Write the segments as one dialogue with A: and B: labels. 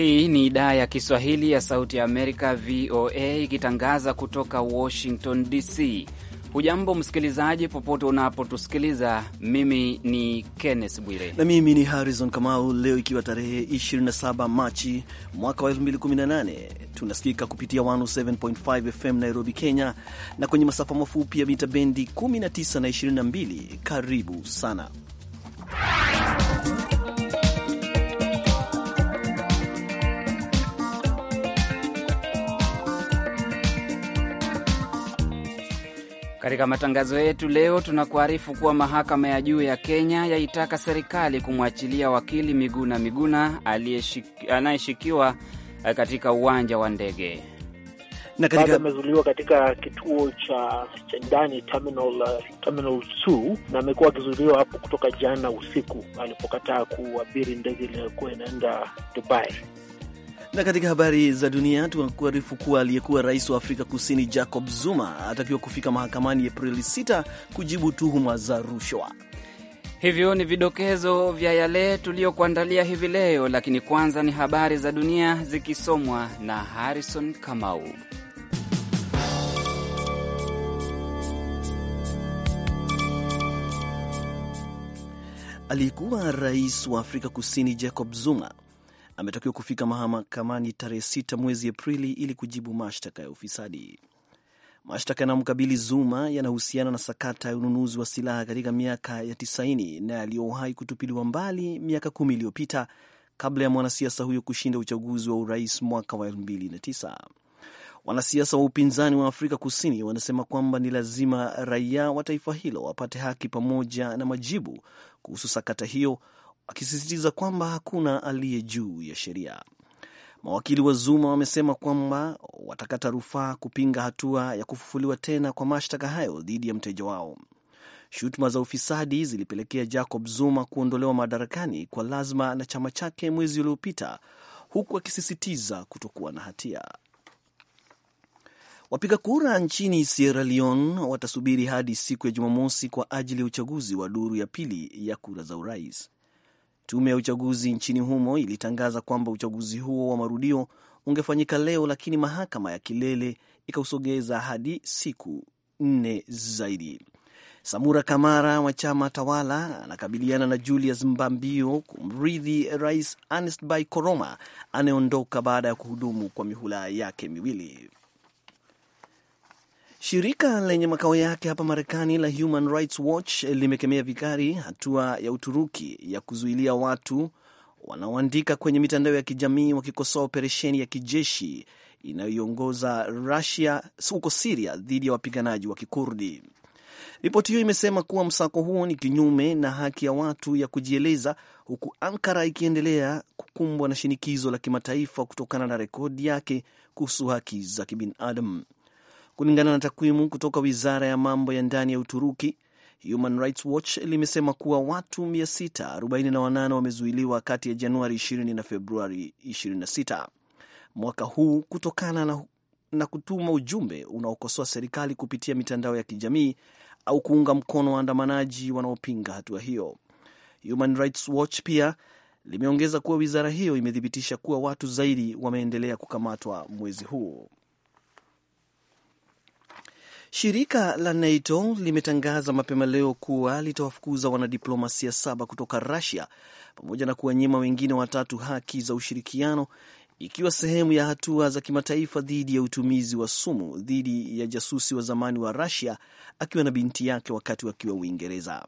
A: Hii ni idhaa ya Kiswahili ya Sauti ya Amerika, VOA, ikitangaza kutoka Washington DC. Hujambo msikilizaji, popote unapotusikiliza. Mimi ni Kenneth Bwire
B: na mimi ni Harrison Kamau. Leo ikiwa tarehe 27 Machi mwaka wa 2018, tunasikika kupitia 107.5 FM Nairobi, Kenya, na kwenye masafa mafupi ya mita bendi 19 na 22. Karibu sana
A: Katika matangazo yetu leo tunakuarifu kuwa mahakama ya juu ya Kenya yaitaka serikali kumwachilia wakili Miguna Miguna anayeshikiwa eh, katika uwanja wa ndege
C: na katika... amezuliwa katika kituo cha ndani terminal, eh, terminal 2 na amekuwa akizuliwa hapo kutoka jana usiku alipokataa kuabiri ndege iliyokuwa inaenda Dubai.
B: Na katika habari za dunia tunakuarifu kuwa aliyekuwa rais wa Afrika Kusini Jacob Zuma atakiwa kufika mahakamani Aprili 6 kujibu tuhuma za rushwa.
A: Hivyo ni vidokezo vya yale tuliyokuandalia hivi leo, lakini kwanza ni habari za dunia zikisomwa na Harrison
B: Kamau. Aliyekuwa rais wa Afrika Kusini Jacob Zuma ametakiwa kufika mahakamani tarehe sita mwezi Aprili ili kujibu mashtaka ya ufisadi. Mashtaka yanayomkabili Zuma yanahusiana na sakata ya ununuzi wa silaha katika miaka ya tisaini na yaliyowahi kutupiliwa mbali miaka kumi iliyopita kabla ya mwanasiasa huyo kushinda uchaguzi wa urais mwaka wa tisa. Wanasiasa wa upinzani wa Afrika Kusini wanasema kwamba ni lazima raia wa taifa hilo wapate haki pamoja na majibu kuhusu sakata hiyo, akisisitiza kwamba hakuna aliye juu ya sheria. Mawakili wa Zuma wamesema kwamba watakata rufaa kupinga hatua ya kufufuliwa tena kwa mashtaka hayo dhidi ya mteja wao. Shutuma za ufisadi zilipelekea Jacob Zuma kuondolewa madarakani kwa lazima na chama chake mwezi uliopita, huku akisisitiza kutokuwa na hatia. Wapiga kura nchini Sierra Leone watasubiri hadi siku ya Jumamosi kwa ajili ya uchaguzi wa duru ya pili ya kura za urais. Tume ya uchaguzi nchini humo ilitangaza kwamba uchaguzi huo wa marudio ungefanyika leo, lakini mahakama ya kilele ikausogeza hadi siku nne zaidi. Samura Kamara wa chama tawala anakabiliana na Julius Mbambio kumrithi Rais Ernest Bai Koroma anayeondoka baada ya kuhudumu kwa mihula yake miwili. Shirika lenye makao yake hapa Marekani la Human Rights Watch limekemea vikali hatua ya Uturuki ya kuzuilia watu wanaoandika kwenye mitandao ya kijamii wakikosoa operesheni ya kijeshi inayoiongoza Rusia huko Siria dhidi ya wapiganaji wa Kikurdi. Ripoti hiyo imesema kuwa msako huo ni kinyume na haki ya watu ya kujieleza, huku Ankara ikiendelea kukumbwa na shinikizo la kimataifa kutokana na rekodi yake kuhusu haki za kibinadamu. Kulingana na takwimu kutoka wizara ya mambo ya ndani ya Uturuki, Human Rights Watch limesema kuwa watu 648 wamezuiliwa kati ya Januari 20 na Februari 26 mwaka huu kutokana na, na kutuma ujumbe unaokosoa serikali kupitia mitandao ya kijamii au kuunga mkono waandamanaji wanaopinga hatua hiyo. Human Rights Watch pia limeongeza kuwa wizara hiyo imethibitisha kuwa watu zaidi wameendelea kukamatwa mwezi huu. Shirika la NATO limetangaza mapema leo kuwa litawafukuza wanadiplomasia saba kutoka Russia pamoja na kuwanyima wengine watatu haki za ushirikiano ikiwa sehemu ya hatua za kimataifa dhidi ya utumizi wa sumu dhidi ya jasusi wa zamani wa Russia akiwa na binti yake wakati wakiwa Uingereza.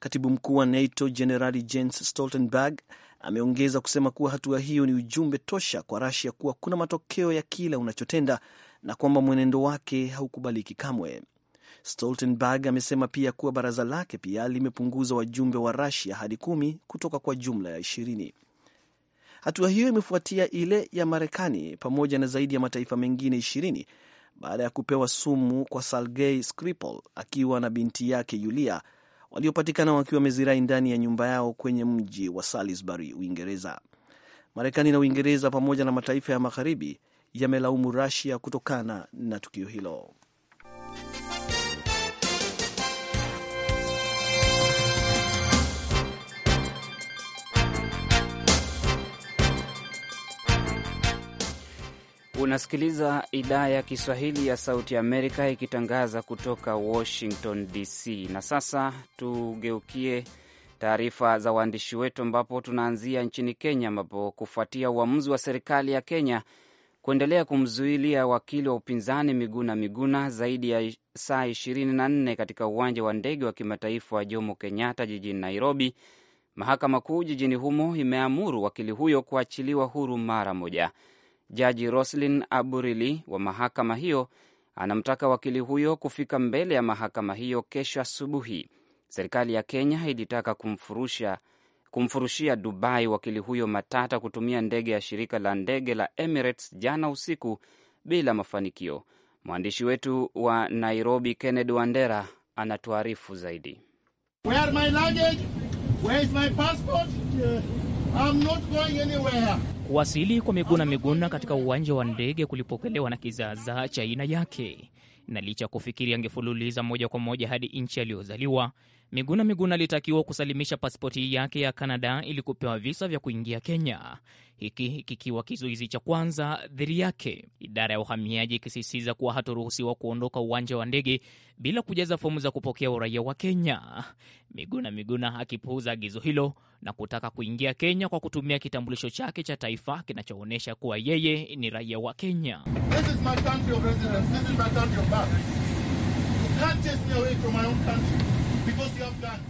B: Katibu mkuu wa NATO Jenerali Jens Stoltenberg ameongeza kusema kuwa hatua hiyo ni ujumbe tosha kwa Russia kuwa kuna matokeo ya kila unachotenda na kwamba mwenendo wake haukubaliki kamwe. Stoltenberg amesema pia kuwa baraza lake pia limepunguza wajumbe wa rasia hadi kumi kutoka kwa jumla ya ishirini. Hatua hiyo imefuatia ile ya Marekani pamoja na zaidi ya mataifa mengine ishirini baada ya kupewa sumu kwa Sergei Skripal akiwa na binti yake Yulia waliopatikana wakiwa wamezirai ndani ya nyumba yao kwenye mji wa Salisbury, Uingereza. Marekani na Uingereza pamoja na mataifa ya magharibi yamelaumu Rusia kutokana na tukio hilo.
A: Unasikiliza idhaa ya Kiswahili ya Sauti ya Amerika ikitangaza kutoka Washington DC. Na sasa tugeukie taarifa za waandishi wetu, ambapo tunaanzia nchini Kenya, ambapo kufuatia uamuzi wa serikali ya Kenya kuendelea kumzuilia wakili wa upinzani Miguna Miguna zaidi ya saa 24 katika uwanja wa ndege wa kimataifa wa Jomo Kenyatta jijini Nairobi. Mahakama Kuu jijini humo imeamuru wakili huyo kuachiliwa huru mara moja. Jaji Roslin Aburili wa mahakama hiyo anamtaka wakili huyo kufika mbele ya mahakama hiyo kesho asubuhi. Serikali ya Kenya ilitaka kumfurusha kumfurushia Dubai wakili huyo matata kutumia ndege ya shirika la ndege la Emirates jana usiku bila mafanikio. Mwandishi wetu wa Nairobi, Kennedy Wandera, anatuarifu zaidi.
C: Where my luggage? Where is my passport? Uh, I'm not going anywhere.
D: Kuwasili kwa Miguna Miguna katika uwanja wa ndege kulipokelewa na kizaazaa cha aina yake, na licha ya kufikiri angefululiza moja kwa moja hadi nchi aliyozaliwa, Miguna Miguna alitakiwa kusalimisha pasipoti yake ya Kanada ili kupewa visa vya kuingia Kenya, hiki kikiwa kizuizi cha kwanza dhidi yake, idara ya uhamiaji ikisisitiza kuwa hatoruhusiwa kuondoka uwanja wa ndege bila kujaza fomu za kupokea uraia wa Kenya. Miguna Miguna akipuuza agizo hilo na kutaka kuingia Kenya kwa kutumia kitambulisho chake cha taifa kinachoonyesha kuwa yeye ni raia wa Kenya. This is my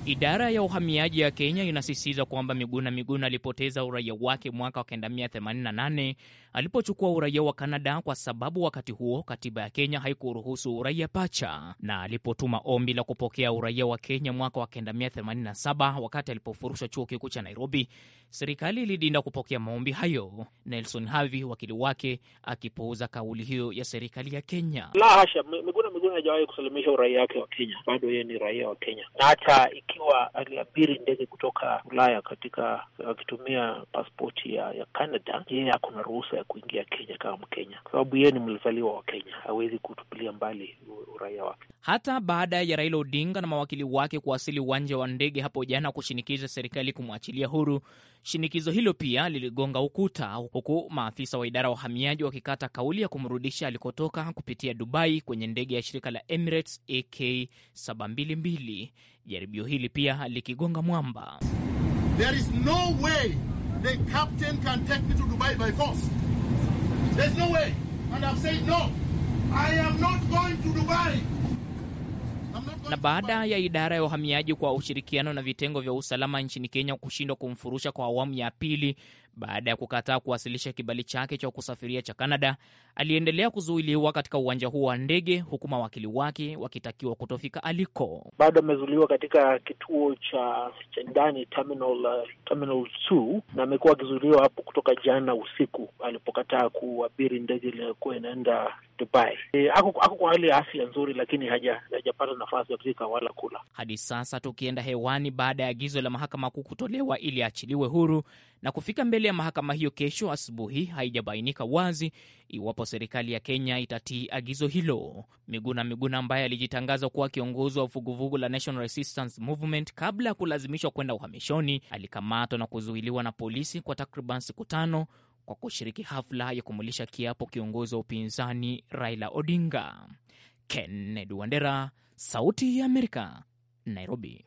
D: Idara ya uhamiaji ya Kenya inasisitiza kwamba Miguna Miguna alipoteza uraia wake mwaka wa 1988 alipochukua uraia wa Kanada kwa sababu wakati huo katiba ya Kenya haikuruhusu uraia pacha, na alipotuma ombi la kupokea uraia wa Kenya mwaka wa 1987 wakati alipofurushwa chuo kikuu cha Nairobi, serikali ilidinda kupokea maombi hayo, Nelson Havi wakili wake akipuuza kauli hiyo
C: ya serikali ya Kenya. La hasha, Miguna Miguna hajawahi kusalimisha uraia wake wa Kenya, bado yeye ni raia wa Kenya na hata ikiwa aliabiri ndege kutoka Ulaya katika akitumia paspoti ya, ya Canada, yeye na ruhusa ya kuingia Kenya kama Mkenya, kwa sababu yeye ni mlizaliwa wa Kenya, hawezi kutupilia mbali uraia wake
D: hata baada ya Raila Odinga na mawakili wake kuwasili uwanja wa ndege hapo jana kushinikiza serikali kumwachilia huru. Shinikizo hilo pia liligonga ukuta, huku maafisa wa idara ya uhamiaji wakikata kauli ya kumrudisha alikotoka kupitia Dubai kwenye ndege ya shirika la Emirates AK722, jaribio hili pia likigonga mwamba.
C: There is no way the captain can take me to Dubai by force. There's no way. And I've said no. I am not going to Dubai.
D: Na baada ya idara ya uhamiaji kwa ushirikiano na vitengo vya usalama nchini Kenya kushindwa kumfurusha kwa awamu ya pili baada ya kukataa kuwasilisha kibali chake cha kusafiria cha canada aliendelea kuzuiliwa katika uwanja huo wa ndege, huku mawakili wake wakitakiwa kutofika aliko.
C: Bado amezuiliwa katika kituo cha cha ndani terminal, uh, terminal two, na amekuwa akizuiliwa hapo kutoka jana usiku alipokataa kuabiri ndege iliyokuwa inaenda Dubai. E, ako kwa hali ya afya nzuri, lakini hajapata nafasi ya kupika wala kula
D: hadi sasa, tukienda hewani baada ya agizo la mahakama kuu kutolewa ili aachiliwe huru na kufika mbele ya mahakama hiyo kesho asubuhi. Haijabainika wazi iwapo serikali ya Kenya itatii agizo hilo. Miguna Miguna ambaye alijitangaza kuwa kiongozi wa vuguvugu la National Resistance Movement kabla ya kulazimishwa kwenda uhamishoni, alikamatwa na kuzuiliwa na polisi kwa takriban siku tano kwa kushiriki hafla ya kumulisha kiapo kiongozi wa upinzani Raila Odinga. Kennedy Wandera, Sauti ya Amerika, Nairobi.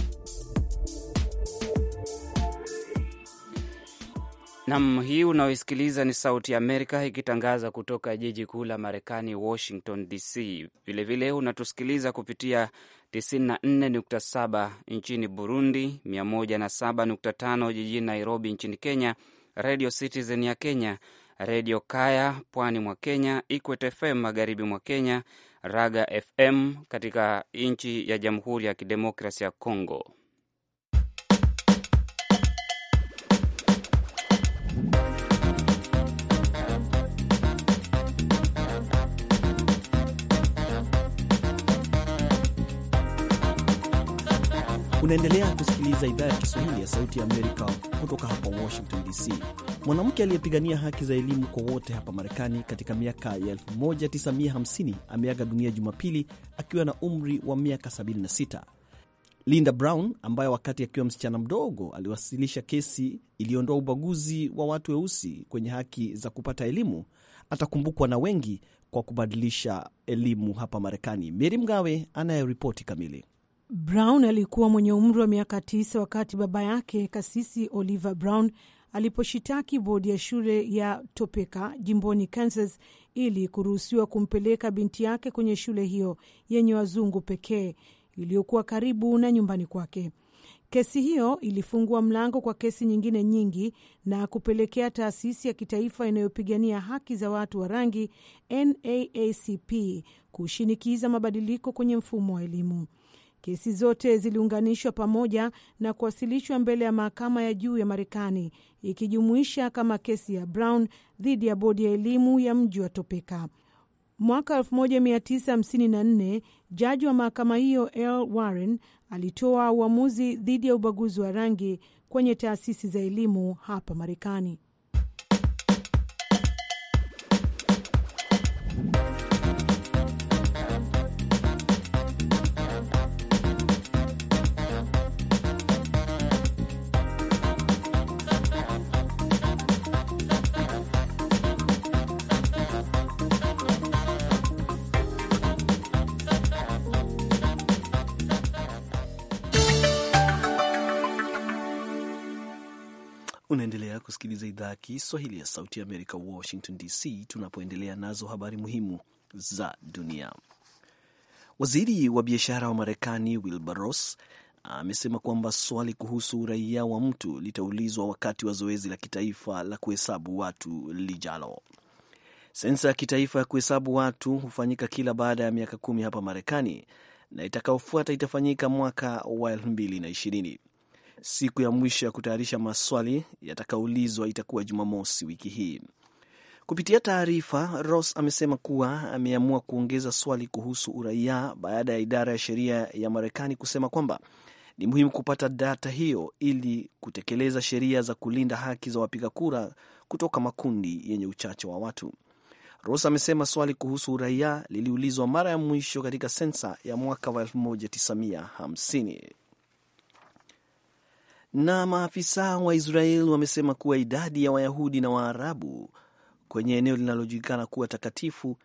A: Nam, hii unaoisikiliza ni Sauti ya Amerika ikitangaza kutoka jiji kuu la Marekani, Washington DC. Vilevile unatusikiliza kupitia 94.7 nchini Burundi, 107.5 jijini Nairobi nchini Kenya, Radio Citizen ya Kenya, Redio Kaya pwani mwa Kenya, Ikwet FM magharibi mwa Kenya, Raga FM katika nchi ya Jamhuri ya Kidemokrasi ya Congo,
B: Unaendelea kusikiliza idhaa ya Kiswahili ya Sauti ya Amerika kutoka hapa Washington DC. Mwanamke aliyepigania haki za elimu kwa wote hapa Marekani katika miaka ya 1950 ameaga dunia Jumapili akiwa na umri wa miaka 76. Linda Brown ambaye wakati akiwa msichana mdogo aliwasilisha kesi iliyoondoa ubaguzi wa watu weusi kwenye haki za kupata elimu atakumbukwa na wengi kwa kubadilisha elimu hapa Marekani. Meri Mgawe anayeripoti kamili.
E: Brown alikuwa mwenye umri wa miaka tisa wakati baba yake kasisi Oliver Brown aliposhitaki bodi ya shule ya Topeka jimboni Kansas ili kuruhusiwa kumpeleka binti yake kwenye shule hiyo yenye wazungu pekee iliyokuwa karibu na nyumbani kwake. Kesi hiyo ilifungua mlango kwa kesi nyingine nyingi na kupelekea taasisi ya kitaifa inayopigania haki za watu wa rangi NAACP kushinikiza mabadiliko kwenye mfumo wa elimu. Kesi zote ziliunganishwa pamoja na kuwasilishwa mbele ya mahakama ya juu ya Marekani, ikijumuisha kama kesi ya Brown dhidi ya bodi ya elimu ya mji wa Topeka. Mwaka 1954 jaji wa mahakama hiyo L Warren alitoa uamuzi dhidi ya ubaguzi wa rangi kwenye taasisi za elimu hapa Marekani.
B: unasikiliza idhaa ya Kiswahili ya Sauti ya Amerika, Washington DC, tunapoendelea nazo habari muhimu za dunia. Waziri wa biashara wa Marekani Wilbur Ross amesema kwamba swali kuhusu uraia wa mtu litaulizwa wakati wa zoezi la kitaifa la kuhesabu watu lijalo. Sensa ya kitaifa ya kuhesabu watu hufanyika kila baada ya miaka kumi hapa Marekani na itakayofuata itafanyika mwaka wa 2020. Siku ya mwisho ya kutayarisha maswali yatakaulizwa itakuwa Jumamosi wiki hii. Kupitia taarifa, Ross amesema kuwa ameamua kuongeza swali kuhusu uraia baada ya idara ya sheria ya Marekani kusema kwamba ni muhimu kupata data hiyo ili kutekeleza sheria za kulinda haki za wapiga kura kutoka makundi yenye uchache wa watu. Ross amesema swali kuhusu uraia liliulizwa mara ya mwisho katika sensa ya mwaka wa 1950 na maafisa wa Israel wamesema kuwa idadi ya Wayahudi na Waarabu kwenye eneo linalojulikana kuwa takatifu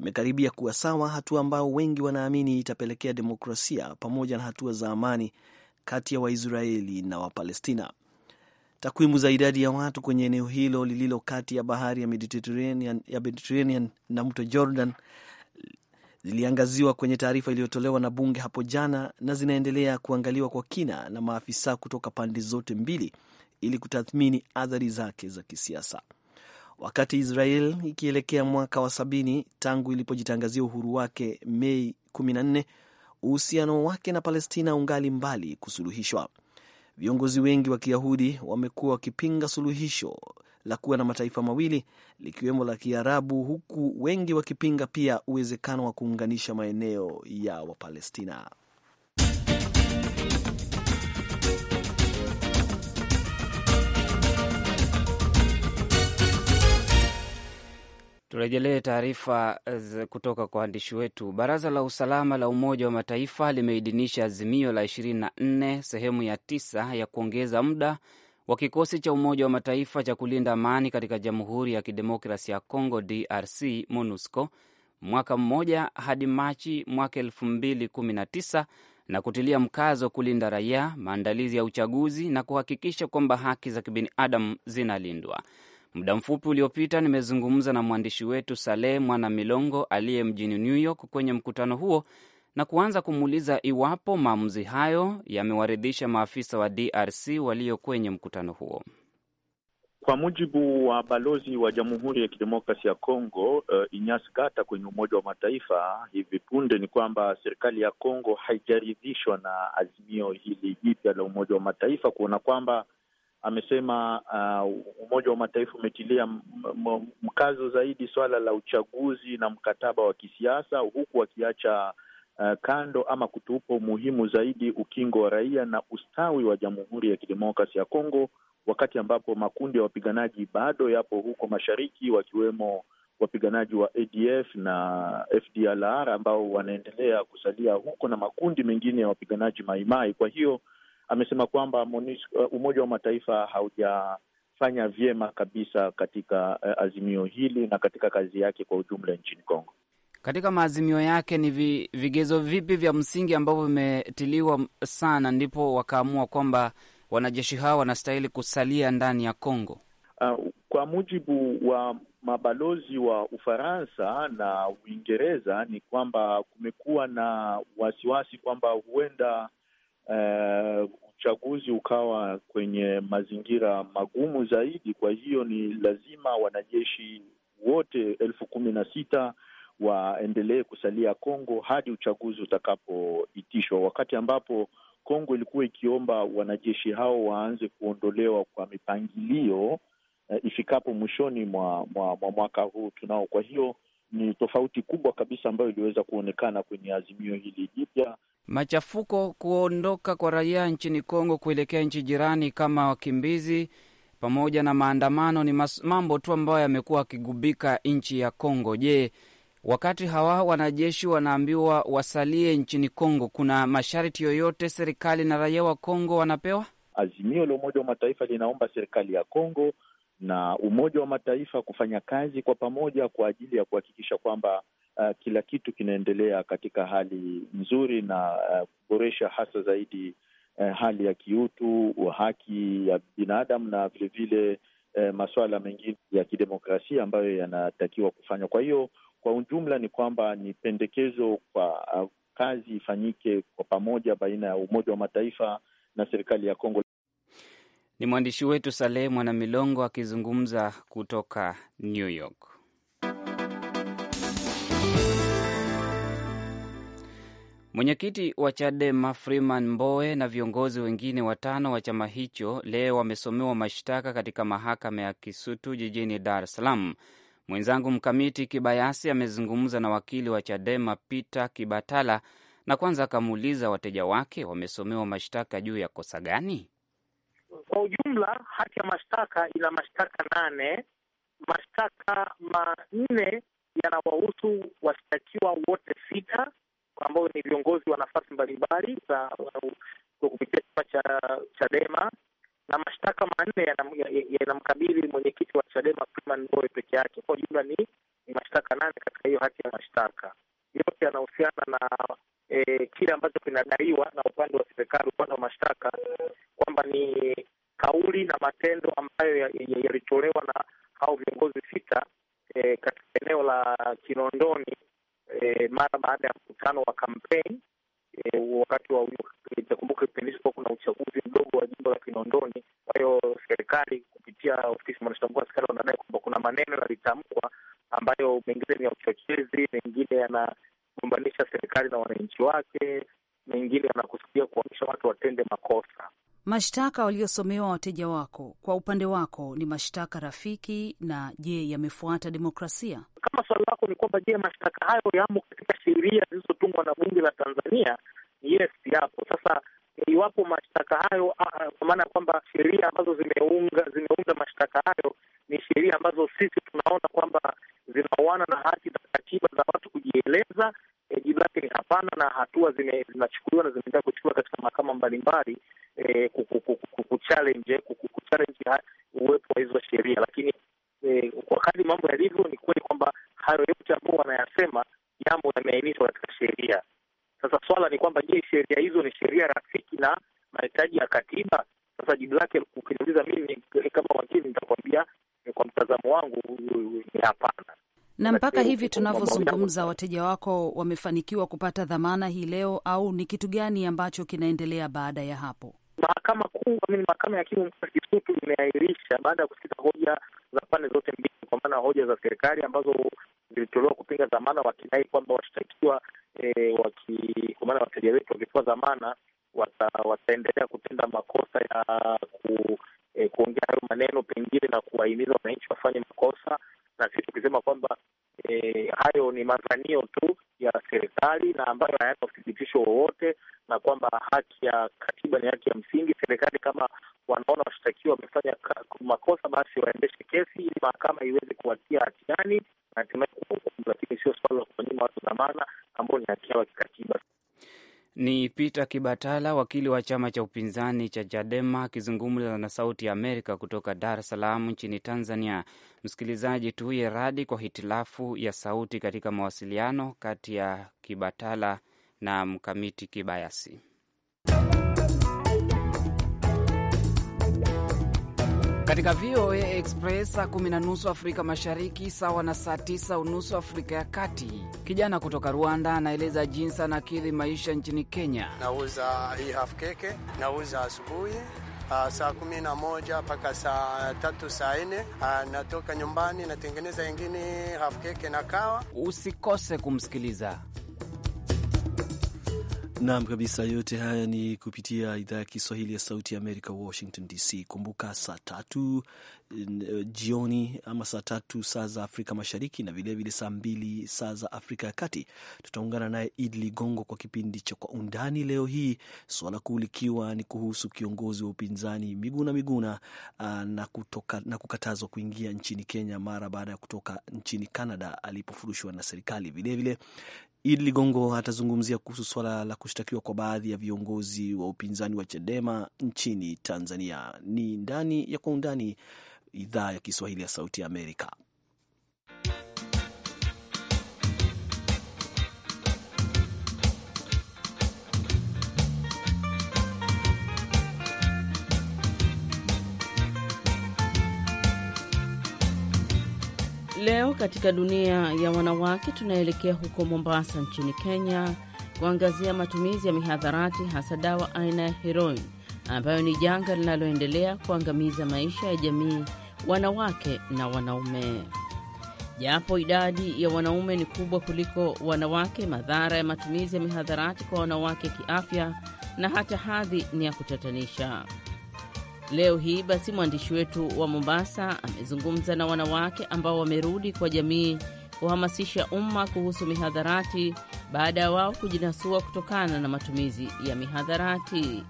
B: imekaribia kuwa sawa, hatua ambayo wengi wanaamini itapelekea demokrasia pamoja na hatua za amani kati ya Waisraeli na Wapalestina. Takwimu za idadi ya watu kwenye eneo hilo lililo kati ya bahari ya Mediterranean, ya Mediterranean na mto Jordan ziliangaziwa kwenye taarifa iliyotolewa na bunge hapo jana na zinaendelea kuangaliwa kwa kina na maafisa kutoka pande zote mbili ili kutathmini athari zake za kisiasa. Wakati Israel ikielekea mwaka wa sabini tangu ilipojitangazia uhuru wake Mei 14, uhusiano wake na Palestina ungali mbali kusuluhishwa. Viongozi wengi wa Kiyahudi wamekuwa wakipinga suluhisho la kuwa na mataifa mawili likiwemo la Kiarabu, huku wengi wakipinga pia uwezekano wa kuunganisha maeneo ya Wapalestina.
A: Turejelee taarifa kutoka kwa waandishi wetu. Baraza la usalama la Umoja wa Mataifa limeidhinisha azimio la 24 sehemu ya 9 ya kuongeza muda wa kikosi cha Umoja wa Mataifa cha kulinda amani katika Jamhuri ya Kidemokrasi ya congo DRC MONUSCO mwaka mmoja hadi Machi mwaka elfu mbili kumi na tisa na kutilia mkazo kulinda raia, maandalizi ya uchaguzi na kuhakikisha kwamba haki za kibinadamu zinalindwa. Muda mfupi uliopita nimezungumza na mwandishi wetu Saleh Mwana Milongo aliye mjini New York kwenye mkutano huo na kuanza kumuuliza iwapo maamuzi hayo yamewaridhisha maafisa wa DRC walio kwenye mkutano huo.
F: Kwa mujibu wa balozi wa Jamhuri ya kidemokrasi ya congo uh, eh, Inyasi Gata kwenye Umoja wa Mataifa hivi punde ni kwamba serikali ya congo haijaridhishwa na azimio hili jipya la Umoja wa Mataifa kuona kwamba amesema uh, Umoja wa Mataifa umetilia mkazo zaidi swala la uchaguzi na mkataba wa kisiasa huku akiacha uh, kando ama kutupa umuhimu zaidi ukingo wa raia na ustawi wa Jamhuri ya Kidemokrasi ya Kongo, wakati ambapo makundi ya wapiganaji bado yapo huko mashariki, wakiwemo wapiganaji wa ADF na FDLR ambao wanaendelea kusalia huko na makundi mengine ya wapiganaji maimai. Kwa hiyo amesema kwamba eh, Umoja wa Mataifa haujafanya vyema kabisa katika eh, azimio hili na katika kazi yake kwa ujumla nchini Kongo
A: katika maazimio yake ni vigezo vipi vya msingi ambavyo vimetiliwa sana ndipo wakaamua kwamba wanajeshi hao wanastahili kusalia ndani ya Kongo?
F: Uh, kwa mujibu wa mabalozi wa Ufaransa na Uingereza ni kwamba kumekuwa na wasiwasi kwamba huenda uh, uchaguzi ukawa kwenye mazingira magumu zaidi. Kwa hiyo ni lazima wanajeshi wote elfu kumi na sita waendelee kusalia Kongo hadi uchaguzi utakapoitishwa, wakati ambapo Kongo ilikuwa ikiomba wanajeshi hao waanze kuondolewa kwa mipangilio e, ifikapo mwishoni mwa, mwa, mwa mwaka huu tunao. Kwa hiyo ni tofauti kubwa kabisa ambayo iliweza kuonekana kwenye azimio hili jipya.
A: Machafuko kuondoka kwa raia nchini Kongo kuelekea nchi jirani kama wakimbizi pamoja na maandamano ni mambo tu ambayo yamekuwa akigubika nchi ya Kongo. Je, Wakati hawa wanajeshi wanaambiwa wasalie nchini Kongo, kuna masharti yoyote serikali na raia wa Kongo wanapewa?
F: Azimio la Umoja wa Mataifa linaomba serikali ya Kongo na Umoja wa Mataifa kufanya kazi kwa pamoja kwa ajili ya kuhakikisha kwamba uh, kila kitu kinaendelea katika hali nzuri na uh, kuboresha uh, hasa zaidi uh, hali ya kiutu, haki ya binadamu na vilevile uh, masuala mengine ya kidemokrasia ambayo yanatakiwa kufanywa. Kwa hiyo kwa ujumla ni kwamba ni pendekezo kwa uh, kazi ifanyike kwa pamoja baina ya Umoja wa Mataifa na serikali ya Kongo.
A: Ni mwandishi wetu Saleh Mwanamilongo akizungumza kutoka New York. Mwenyekiti wa Chadema Freeman Mbowe na viongozi wengine watano wa chama hicho leo wamesomewa mashtaka katika mahakama ya Kisutu jijini Dar es Salaam Mwenzangu Mkamiti Kibayasi amezungumza na wakili wa Chadema Peter Kibatala na kwanza akamuuliza wateja wake wamesomewa mashtaka juu ya kosa gani.
G: Kwa ujumla hati ya mashtaka ina mashtaka nane. Mashtaka manne yanawahusu washtakiwa wote sita ambao ni viongozi wa nafasi mbalimbali za kupitia chama cha Chadema na mashtaka manne yanamkabili ya, ya mwenyekiti wa Chadema Freeman Mbowe peke yake. Kwa jumla ni, ni mashtaka nane katika hiyo hati ya mashtaka yote yanahusiana na e, kile ambacho kinadaiwa na upande wa serikali, upande wa mashtaka kwamba ni kauli na matendo ambayo yalitolewa ya, ya na hao viongozi sita e, katika eneo la Kinondoni e, mara baada ya mkutano wa kampeni e, wakati wa itakumbuka kipindi hicho kuna uchaguzi mdogo wa jimbo la Kinondoni. Kwa hiyo serikali kupitia ofisi mwanasheria mkuu wanadai kwamba kuna maneno yalitamkwa ambayo mengine ni ya uchochezi, mengine yanagombanisha serikali na wananchi wake, mengine yanakusudia kuamsha watu watende makosa.
E: Mashtaka waliosomewa wateja wako, kwa upande wako, ni mashtaka rafiki na
G: je, yamefuata demokrasia? kwamba je, mashtaka hayo yamo katika sheria zilizotungwa na bunge la Tanzania? Yes, yapo. Sasa iwapo mashtaka hayo kwa maana ya kwamba sheria ambazo zimeunga zimeunda mashtaka hayo ni sheria ambazo sisi tunaona kwamba zinauana na haki za katiba za watu kujieleza, e, jibu lake ni hapana, na hatua zinachukuliwa na zinaendelea kuchukuliwa katika mahakama mbalimbali e, kuchallenge uwepo wa hizo sheria, lakini e, kwa kadri mambo yalivyo, ni kweli kwamba hayo yote ambao wanayasema yamo yameainishwa katika sheria. Sasa swala ni kwamba je, sheria hizo ni sheria rafiki na mahitaji ya katiba? Sasa jibu lake ukiniuliza mimi kama wakili nitakwambia kwa mtazamo wangu ni hapana.
E: Na mpaka Lati, hivi tunavyozungumza, wateja wako wamefanikiwa kupata dhamana hii leo, au ni kitu gani ambacho kinaendelea baada ya hapo?
G: Mahakama Kuu, mahakama ya hakimu mkazi Kisutu imeahirisha baada ya kusikiza hoja za pande zote mbili, kwa maana hoja za serikali ambazo vilitolewa kupinga dhamana, wakidai kwamba washtakiwa eh, waki, kwa maana wateja wetu wakipewa dhamana wata, wataendelea kutenda makosa ya ku, eh, kuongea hayo maneno pengine na kuwahimiza wananchi wafanye makosa, na sisi tukisema kwamba eh, hayo ni madhanio tu ya serikali na ambayo hayana uthibitisho wowote, na kwamba haki ya katiba ni haki ya msingi. Serikali kama wanaona washtakiwa wamefanya makosa, basi waendeshe kesi ili mahakama iweze kuwatia hatiani na hatimaye hukumu, lakini sio swala la kuwanyima watu dhamana ambao ni haki yao ya kikatiba.
A: Ni Peter Kibatala, wakili wa chama cha upinzani cha Chadema akizungumza na Sauti ya Amerika kutoka Dar es Salaam nchini Tanzania. Msikilizaji, tuye radi kwa hitilafu ya sauti katika mawasiliano kati ya Kibatala na Mkamiti Kibayasi. katika VOA Express saa kumi na nusu Afrika Mashariki, sawa na saa tisa unusu Afrika ya Kati. Kijana kutoka Rwanda anaeleza jinsi anakidhi maisha nchini Kenya.
H: Nauza hii half keke, nauza asubuhi Uh, saa kumi na moja mpaka saa tatu saa nne uh, natoka nyumbani natengeneza ingine half keke na kawa. Usikose
A: kumsikiliza
B: Naam kabisa, yote haya ni kupitia idhaa ya Kiswahili ya Sauti ya Amerika, Washington DC. Kumbuka saa tatu eh, jioni ama saa tatu saa za Afrika Mashariki na vilevile saa mbili saa za Afrika ya Kati, tutaungana naye Idi Ligongo kwa kipindi cha Kwa Undani leo hii, swala kuu likiwa ni kuhusu kiongozi wa upinzani Miguna Miguna ah, na, kutoka, na kukatazwa kuingia nchini Kenya mara baada ya kutoka nchini Canada alipofurushwa na serikali. Vilevile Idi Ligongo atazungumzia kuhusu suala la kushtakiwa kwa baadhi ya viongozi wa upinzani wa Chadema nchini Tanzania. Ni ndani ya Kwa Undani, idhaa ya Kiswahili ya Sauti ya Amerika.
I: Leo katika dunia ya wanawake, tunaelekea huko Mombasa nchini Kenya kuangazia matumizi ya mihadharati, hasa dawa aina ya heroin ambayo ni janga linaloendelea kuangamiza maisha ya jamii, wanawake na wanaume. Japo idadi ya wanaume ni kubwa kuliko wanawake, madhara ya matumizi ya mihadharati kwa wanawake kiafya na hata hadhi ni ya kutatanisha. Leo hii basi, mwandishi wetu wa Mombasa amezungumza na wanawake ambao wamerudi kwa jamii kuhamasisha umma kuhusu mihadharati baada ya wao kujinasua kutokana na matumizi ya mihadharati.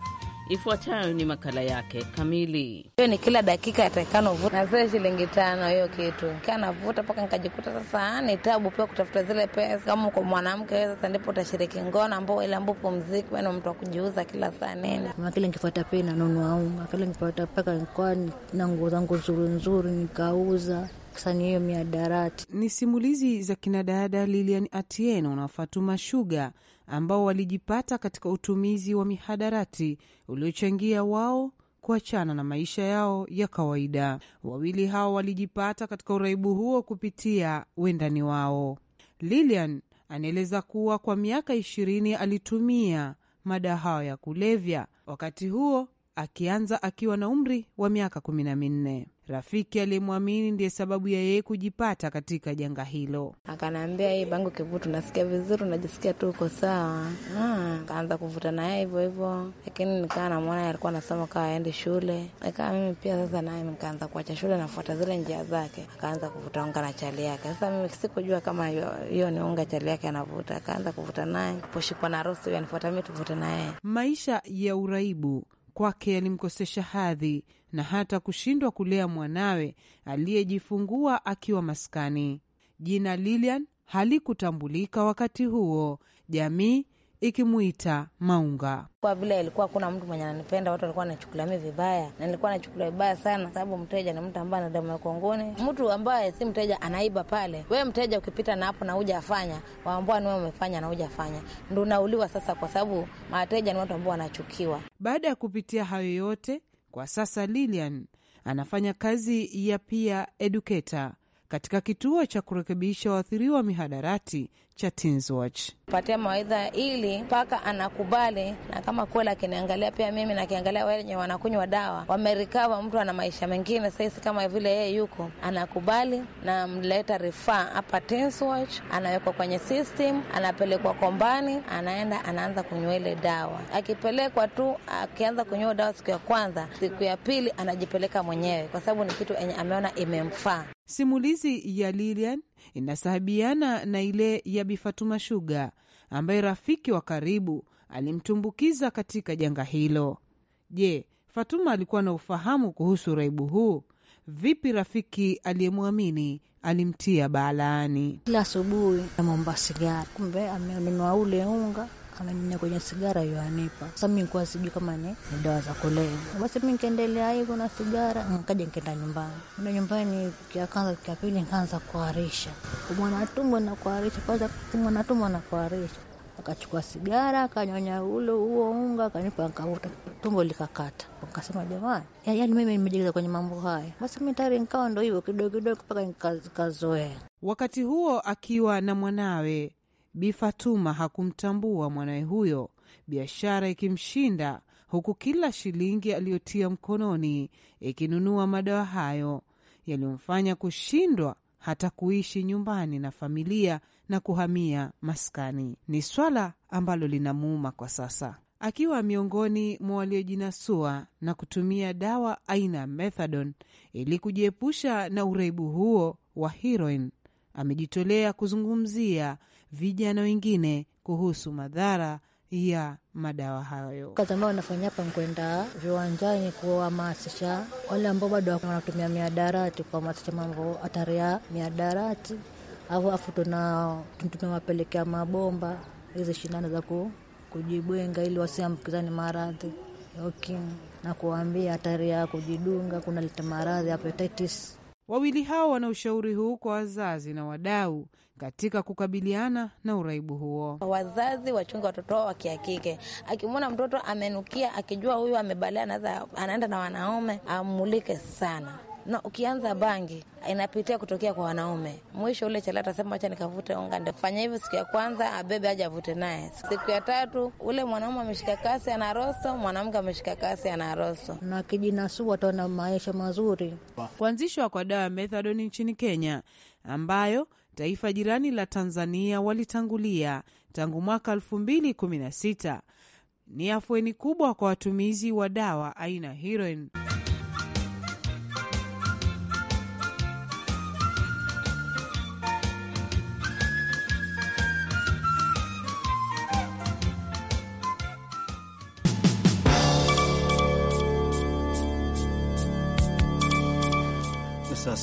I: Ifuatayo ni makala yake kamili. Hiyo ni kila dakika yatakikana uvuta na zile shilingi tano, hiyo kitu kaa navuta mpaka nikajikuta sasa ni tabu pia kutafuta zile pesa. Kama uko mwanamke wewe, sasa ndipo utashiriki ngono ambao ile ambao pumziki wewe, mtu kujiuza kila saa
J: nini. Kama kile nikifuata pia nanunua unga, kile nikifuata mpaka nikuwa na nguo zangu nzuri nzuri nikauza hiyo
H: miadarati. Ni simulizi za kinadada Lilian Atieno na Fatuma Shuga ambao walijipata katika utumizi wa mihadarati uliochangia wao kuachana na maisha yao ya kawaida. Wawili hao walijipata katika uraibu huo kupitia wendani wao. Lilian anaeleza kuwa kwa miaka ishirini alitumia madawa ya kulevya. Wakati huo akianza akiwa na umri wa miaka kumi na minne. Rafiki aliyemwamini ndiye sababu ya yeye kujipata katika janga hilo.
I: Akanaambia hii bangu kivutu, nasikia vizuri, unajisikia tu uko sawa. Ah, akaanza kuvuta naye hivyo hivyo, lakini nikaa namwona alikuwa nasoma kaa aende shule, nikaa mimi pia sasa naye nikaanza kuacha shule, nafuata zile njia zake. Akaanza kuvuta unga na chali yake. Sasa mimi sikujua kama hiyo ni unga chali yake anavuta, akaanza kuvuta naye poshikwa na rosi, anifuata mi tuvute naye.
H: Maisha ya uraibu kwake alimkosesha hadhi na hata kushindwa kulea mwanawe aliyejifungua akiwa maskani. Jina Lilian halikutambulika wakati huo, jamii ikimwita Maunga.
I: Kwa vile alikuwa kuna mtu mwenye ananipenda, watu walikuwa wanachukulia vibaya, na nilikuwa nachukulia vibaya sana, sababu mteja ni mtu ambaye ana damu ya kongoni. Mtu ambaye si mteja anaiba pale, we mteja ukipita na hapo na uja afanya, waambua ni wewe umefanya na uja afanya, ndo unauliwa sasa, kwa sababu mateja ni watu ambao wanachukiwa.
H: Baada ya kupitia hayo yote, kwa sasa Lilian anafanya kazi ya pia educator katika kituo cha kurekebisha waathiriwa mihadarati cha Teens Watch. Patia mawaidha
I: ili mpaka anakubali, na kama kweli akiniangalia pia mimi nakiangalia wenye wanakunywa dawa wamerikava, mtu ana maisha mengine sahizi kama vile yeye yuko anakubali, na mleta rifaa hapa Teens Watch, anawekwa kwenye system, anapelekwa kombani, anaenda anaanza kunywa ile dawa. Akipelekwa tu akianza kunywa dawa siku ya kwanza, siku ya pili anajipeleka mwenyewe, kwa sababu ni kitu enye ameona imemfaa.
H: Simulizi ya Lilian inasahabiana na ile ya Bifatuma Fatuma Shuga ambaye rafiki wa karibu alimtumbukiza katika janga hilo. Je, Fatuma alikuwa na ufahamu kuhusu uraibu huu? Vipi rafiki aliyemwamini alimtia balaani?
J: Kila asubuhi amwambia sigara, kumbe amenunua ule unga kama ameninia kwenye sigara hiyo anipa. Sasa mi nikuwa sijui kama ni
H: dawa za kulevya,
J: basi mi nikaendelea hivyo na sigara, mm, nkaja nkaenda nyumbani. Enda nyumbani, kia kwanza kia pili nkaanza kuharisha, kumwa na tumbo na kuharisha, kwanza kumwa na tumbo na kuharisha Akachukua sigara akanyonya ule huo unga akanipa, akavuta tumbo likakata. Akasema jamani, yaani mimi nimejegeza kwenye mambo haya. Basi mi tayari nikawa ndo hivyo kidogo kidogo mpaka
H: nikazoea. Wakati huo akiwa na mwanawe Bi Fatuma hakumtambua mwanawe huyo, biashara ikimshinda, huku kila shilingi aliyotia mkononi ikinunua madawa hayo yaliyomfanya kushindwa hata kuishi nyumbani na familia na kuhamia maskani. Ni swala ambalo linamuuma kwa sasa. Akiwa miongoni mwa waliojinasua na kutumia dawa aina ya methadone ili kujiepusha na uraibu huo wa heroin, amejitolea kuzungumzia vijana wengine kuhusu madhara ya madawa hayo. Kazi
J: ambayo wanafanya hapa nkwenda viwanjani kuwamasisha wale ambao bado wanatumia miadarati, kuhamasisha mambo hatari ya miadarati, alafu wapelekea mabomba hizi shindano za kujibwenga, ili wasiambukizani maradhi okay. na kuwaambia hatari ya kujidunga kunaleta maradhi ya hepatitis.
H: Wawili hao wana ushauri huu kwa wazazi na wadau katika kukabiliana na uraibu huo. Wazazi
I: wachunge watoto wao wa kike. Akimwona mtoto amenukia, akijua huyu amebalea, naza anaenda na wanaume, amulike sana na ukianza bangi inapitia kutokea kwa wanaume. Mwisho ule chalata sema wacha nikavute unga, ndio fanya hivyo. Siku ya kwanza abebe aja avute naye, siku ya tatu ule mwanaume ameshika kasi ana roso, mwanamke ameshika kasi ana roso, na
H: kijinasua ataona
J: maisha mazuri.
H: Kuanzishwa kwa dawa ya methadoni nchini Kenya ambayo taifa jirani la Tanzania walitangulia tangu mwaka 2016. Ni afueni kubwa kwa watumizi wa dawa aina heroin.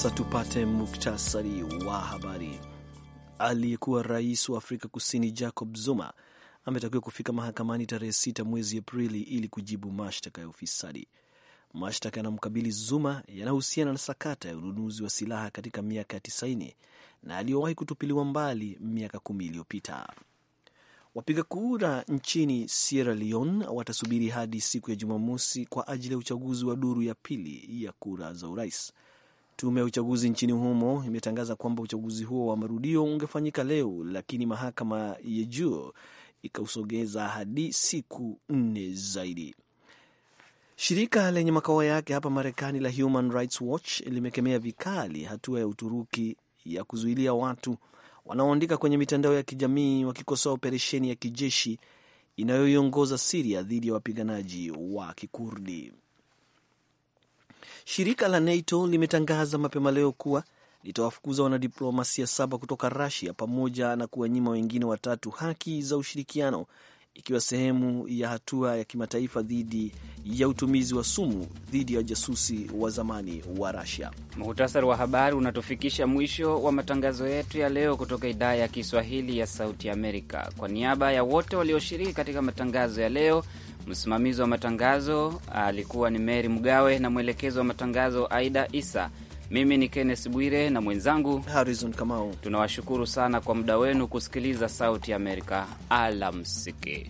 B: Sasa tupate muktasari wa habari. Aliyekuwa rais wa Afrika Kusini Jacob Zuma ametakiwa kufika mahakamani tarehe sita mwezi Aprili ili kujibu mashtaka ya ufisadi. Mashtaka yanamkabili Zuma yanahusiana na sakata ya ununuzi wa silaha katika miaka ya tisaini na aliyowahi kutupiliwa mbali miaka kumi iliyopita. Wapiga kura nchini Sierra Leone watasubiri hadi siku ya Jumamosi kwa ajili ya uchaguzi wa duru ya pili ya kura za urais. Tume ya uchaguzi nchini humo imetangaza kwamba uchaguzi huo wa marudio ungefanyika leo, lakini mahakama ya juu ikausogeza hadi siku nne zaidi. Shirika lenye makao yake hapa Marekani la Human Rights Watch limekemea vikali hatua ya Uturuki ya kuzuilia watu wanaoandika kwenye mitandao ya kijamii wakikosoa operesheni ya kijeshi inayoiongoza Siria dhidi ya wapiganaji wa Kikurdi. Shirika la NATO limetangaza mapema leo kuwa litawafukuza wanadiplomasia saba kutoka rasia pamoja na kuwanyima wengine watatu haki za ushirikiano ikiwa sehemu ya hatua ya kimataifa dhidi ya utumizi wa sumu dhidi ya jasusi wa zamani wa rasia
A: Muhtasari wa habari unatufikisha mwisho wa matangazo yetu ya leo kutoka idhaa ya Kiswahili ya Sauti Amerika. Kwa niaba ya wote walioshiriki katika matangazo ya leo Msimamizi wa matangazo alikuwa ni Meri Mgawe na mwelekezi wa matangazo Aida Isa. Mimi ni Kenneth Bwire na mwenzangu Harrison Kamau. Tunawashukuru sana kwa muda wenu kusikiliza Sauti ya Amerika. Alamsiki.